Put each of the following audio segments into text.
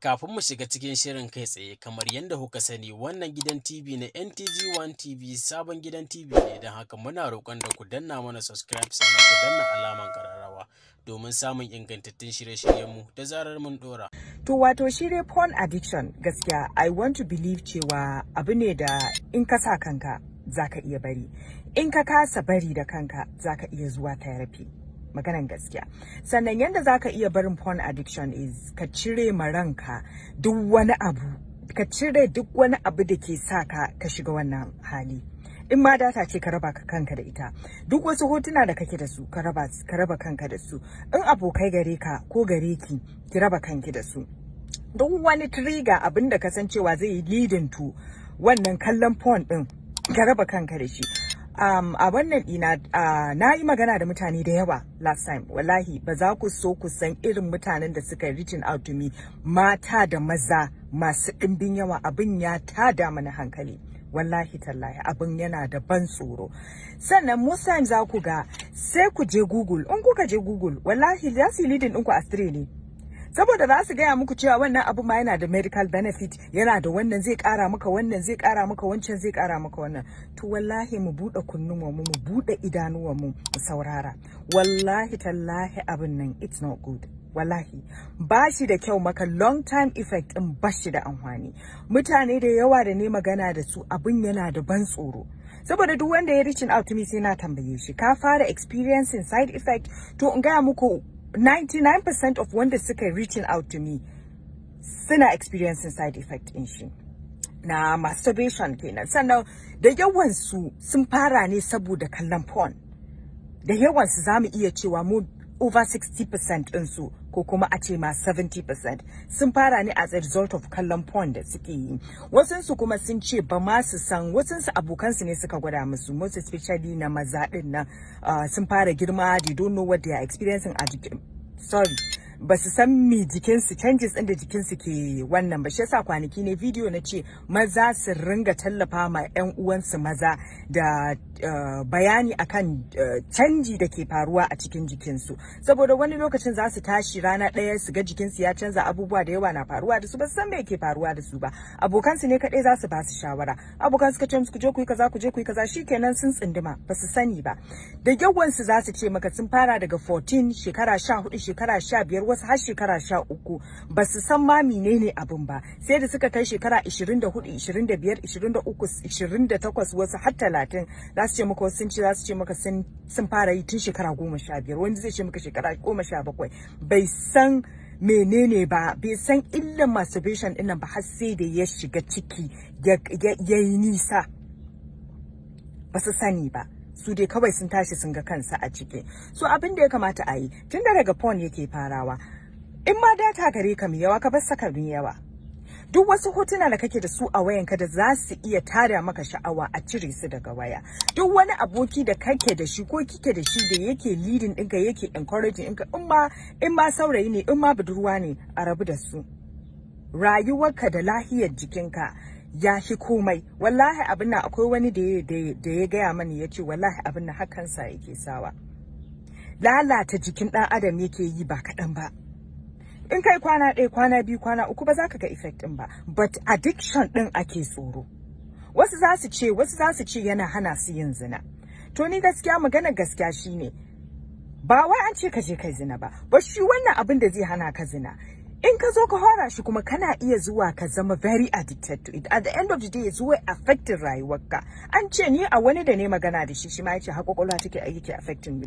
Kafin mu shiga cikin shirin kai tsaye kamar yadda kuka sani wannan gidan TV na NTG1 TV sabon gidan TV ne don haka muna roƙon da ku danna mana subscribe sannan ku danna alaman kararrawa domin samun ingantattun shirye-shiryenmu da zarar mun dora. To wato shi dai porn addiction gaskiya I want to believe cewa abu ne da in ka sa kanka zaka iya bari in ka kasa bari da kanka zaka iya zuwa therapy. maganan gaskiya sannan yadda za ka iya barin porn addiction is ka cire ma duk wani abu ka cire duk wani abu da ke sa ka ka shiga wannan hali in ma data ce ka raba kanka da ita duk wasu hotuna da kake da su ka raba ka kanka da su in abokai gare ka ko gare ki ki raba kanki da su duk wani trigger abin da ka san cewa zai yi leading to wannan kallon porn din ka raba kanka da shi um, a wannan ɗina uh, na yi magana da mutane da yawa last time wallahi ba za ku so ku san irin mutanen da suka reaching out to me mata da maza masu ɗimbin yawa abin ya tada mana hankali wallahi tallahi abin yana da ban tsoro sannan most times za ku ga sai ku je google in kuka je google wallahi za su yi leading ɗinku a ne saboda za su gaya muku cewa wannan abu ma yana da medical benefit yana da wannan zai kara maka wannan zai kara maka wancan zai kara maka wannan to wallahi mu bude kunnuwan mu mu bude idanuwan mu mu saurara wallahi tallahi abin nan it's not good wallahi ba shi da kyau maka long time effect din ba shi da amfani mutane da yawa da ne magana da su abin yana da ban tsoro saboda duk wanda ya reaching out to me sai na tambaye shi ka fara experiencing side effect to in gaya muku 99% of wanda suka reaching out to me suna experiencing side effect in shi na masturbation kenan sannan da yawansu sun fara ne saboda kallon porn da yawansu su zamu iya cewa mu over 60% ɗinsu ko kuma a ce ma 70% sun fara ne as a result of kallon porn da suke yi wasansu kuma sun ce ba ma su san wasansu abokansu ne suka gwada musu most especially na maza din nan ah, sun fara girma they don't know what they are experiencing at sorry ba su san mi jikinsu changes ɗin da jikinsu ke wannan ba shi yasa kwanaki ne video na ce maza su ringa tallafa ma 'yan uwansu maza da eh, bayani akan uh, canji da ke faruwa a cikin jikinsu saboda wani lokacin za su tashi rana ɗaya su ga jikinsu ya canza abubuwa da yawa na faruwa da su ba su san me ke faruwa da su ba abokansu ne kaɗai za su ba su shawara abokan suka ce musu ku je ku yi kaza ku je ku yi kaza shikenan sun tsinduma ba su sani ba da yawansu za su ce maka sun fara daga 14 shekara 14 shekara 15 wasu har shekara sha uku ba su san ma menene abin ba sai da suka kai shekara 24 25 23 28 wasu har 30 za su ce maka wasu sun ci za su ce maka sun fara yi tun shekara goma sha biyar wani zai ce maka shekara goma sha bakwai bai san menene ba bai san illan masturbation dinnan ba har sai da ya shiga ciki ya yi nisa ba su sani ba su dai kawai sun tashi sun ga kansa a ciki so abin da ya kamata a yi tun da daga phone yake farawa in ma data gare ka mai yawa ka bar saka mai yawa duk wasu hotuna da kake da su a wayanka da za su iya tara maka sha'awa a cire su daga waya duk wani aboki da kake da shi ko kike da shi da yake leading ka yake encouraging in ma in ma saurayi ne in ma budurwa ne a rabu da su rayuwarka da lahiyar jikinka ya shi komai wallahi abin nan akwai wani da ya gaya mani ya ce wallahi abin nan hakansa yake sawa lalata jikin ɗan adam yake yi ba kaɗan ba in kai kwana ɗaya kwana biyu kwana uku ba za ka ga effect ɗin ba but addiction ɗin ake tsoro wasu za su ce wasu za su ce yana hana su yin zina to ni gaskiya magana gaskiya shine ba wai an ce ka je kai zina ba ba shi wannan abin da zai hana ka zina in ka zo ka hora shi kuma kana iya zuwa ka zama very addicted to it at the end of the day it's affecting rayuwarka an ce ni a wani da ne magana da shi shi ma yace hakokolwa take yake affecting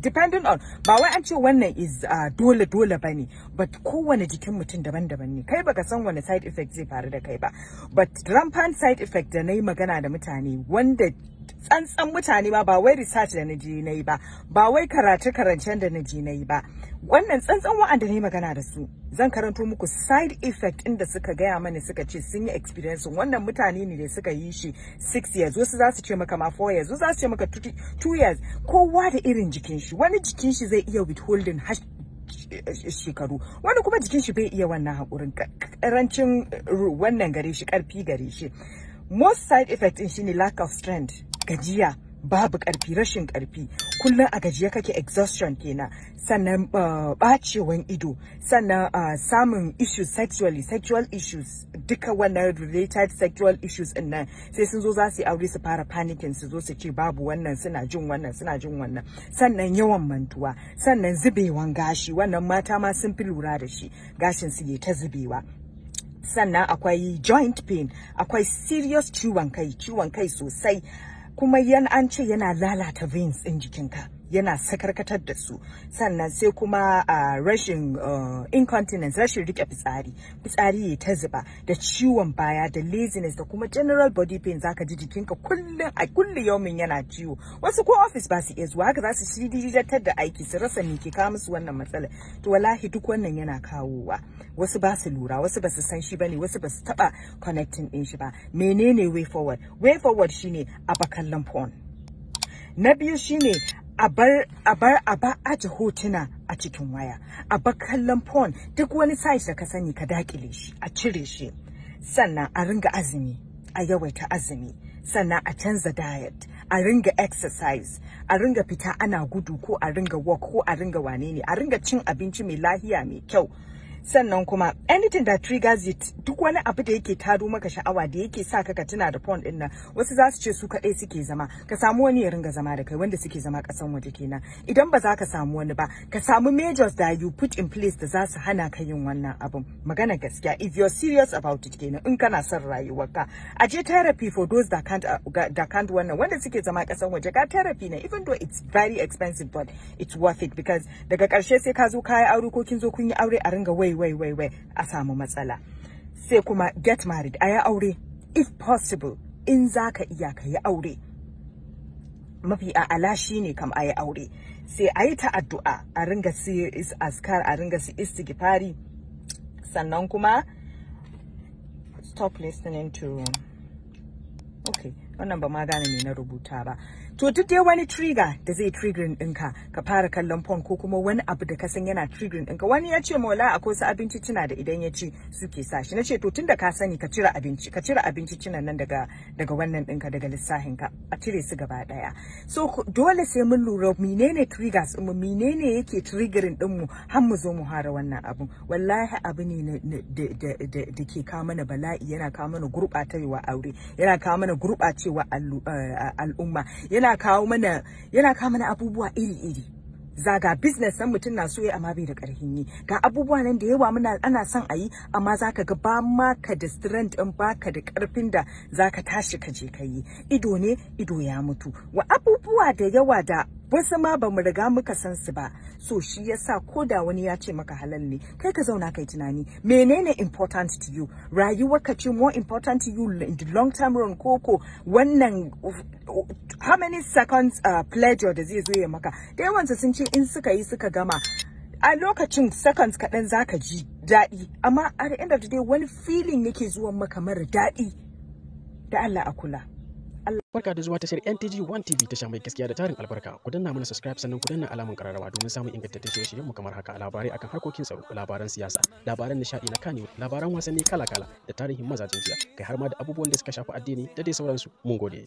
depending on ba wai an ce wannan is uh, dole dole bane but kowane jikin mutum daban-daban ne kai baka san wani side effect zai faru da kai ba but rampant side effect da nayi magana da mutane wanda tsantsan mutane ba wai research da naji na yi ba ba wai karatu karancen da naji na yi ba wannan tsantsan wa'anda na yi magana da su zan karanto muku side effect inda suka gaya mani suka ce sun yi experience wannan mutane ne da suka yi shi 6 years wasu za su ce maka ma 4 years wasu za su ce maka 2 years kowa da irin jikin shi wani jikin shi zai iya withholding shekaru wani kuma jikin shi bai iya wannan haƙurin karancin uh, wannan gare shi ƙarfi gare shi most side effect din shine lack of strength gajiya babu karfi rashin karfi kullum a gajiya kake exhaustion kenan sannan bacewan uh, ido sannan uh, samun issues sexually sexual issues duka wannan related sexual issues in nan sai sun zo za su yi aure su fara panicking su zo su ce babu wannan suna jin wannan suna jin wannan sannan yawan mantuwa sannan zubewan gashi wannan mata ma sun fi lura da shi gashin su ya ta zubewa sannan akwai joint pain akwai serious ciwon kai ciwon kai sosai kuma yan an ce yana lalata veins ɗin jikinka yana sakarkatar da su sannan sai kuma a rashin incontinence rashin rike fitsari fitsari ya ta zuba da ciwon baya da laziness da kuma general body pain zaka ji jikinka kullum a kullum yaumin yana ciwo wasu ko office ba su iya zuwa haka za su shidijatar da aiki su rasa ni ke kawo musu wannan matsalar to wallahi duk wannan yana kawowa wasu ba su lura wasu ba su san shi bane wasu ba su taba connecting din shi ba menene way forward way forward shine a bakallan phone na biyu shine a bar a bar ba aje hotuna a cikin waya a bar kallon phone duk wani size da ka sani ka dakile shi a cire shi sannan a ringa azumi a yawaita azumi sannan a canza diet a ringa exercise a ringa fita ana gudu ko a ringa walk ko a ringa wane ne a ringa cin abinci mai lahiya mai kyau sannan kuma anything that triggers it duk wani abu da yake taro maka sha'awa da yake sa ka tuna da phone din nan wasu za su ce su kadai suke zama ka samu wani ya ringa zama da kai wanda suke zama kasan waje kenan idan ba za ka samu wani ba ka samu majors da you put in place da za su hana ka yin wannan abun magana gaskiya if you are serious about it kenan in kana son rayuwarka a je therapy for those that can't uh, that can't wannan wanda suke zama kasan waje ga therapy na even though it's very expensive but it's worth it because daga karshe sai ka zo kai aure ko kin zo kun yi aure a ringa wai wai wai wai a samu matsala sai kuma get married a yi aure if possible in za ka iya ka yi aure mafi ala shi ne kam a yi aure sai a yi ta addu'a a ringa su askar a ringa su istighfari sannan kuma stop listening to okay wannan ba ma gane ne na rubuta ba to duk dai wani trigger da zai triggering ɗinka ka fara kallon porn ko kuma wani abu da ka san yana triggering ɗinka wani ya ce maula akwai wasu abinci cina da idan ya ci suke sa shi na ce to tunda ka sani ka cire abinci ka cire abinci nan daga daga wannan ɗinka daga lissafin ka a cire su gaba ɗaya so dole sai mun lura menene triggers mu menene yake triggering ɗinmu har mu zo mu hara wannan abu wallahi abu ne da ke kawo mana bala'i yana kawo mana gurɓatarwa aure yana kawo mana gurɓacewa eh, al'umma yana yana kawo mana yana kawo mana abubuwa iri-iri zaga business san mutum na so ya amma bai da karhin yi ga abubuwa nan da yawa muna ana son a yi amma zaka ga ba ma ka da strength din ba ka da karfin da zaka tashi ka je ka yi ido ne ido ya mutu wa abubuwa da yawa da wasu ma ba mu riga muka san su ba so shi yasa ko da wani ya ce maka halal ne kai ka zauna kai tunani menene important to you rayuwar ka ce more important to you in the long term run koko wannan how many seconds uh, pleasure da zai zo ya maka da yawansu sun ce in suka yi suka gama a lokacin seconds kaɗan zaka ji daɗi amma at the end of the day wani feeling yake zuwan maka mara daɗi da Allah a kula Barka da zuwa tashar NTG One TV ta mai gaskiya da tarin albarka. Ku danna mana subscribe sannan ku danna alamun kararrawa domin samun ingantaccen shirye-shiryenmu kamar haka labarai akan harkokin tsaro, labaran siyasa, labaran nishaɗi na kanewa, labaran wasanni kala-kala da tarihin mazajen jiya, kai har ma da abubuwan da suka shafi addini da dai sauransu. Mun gode.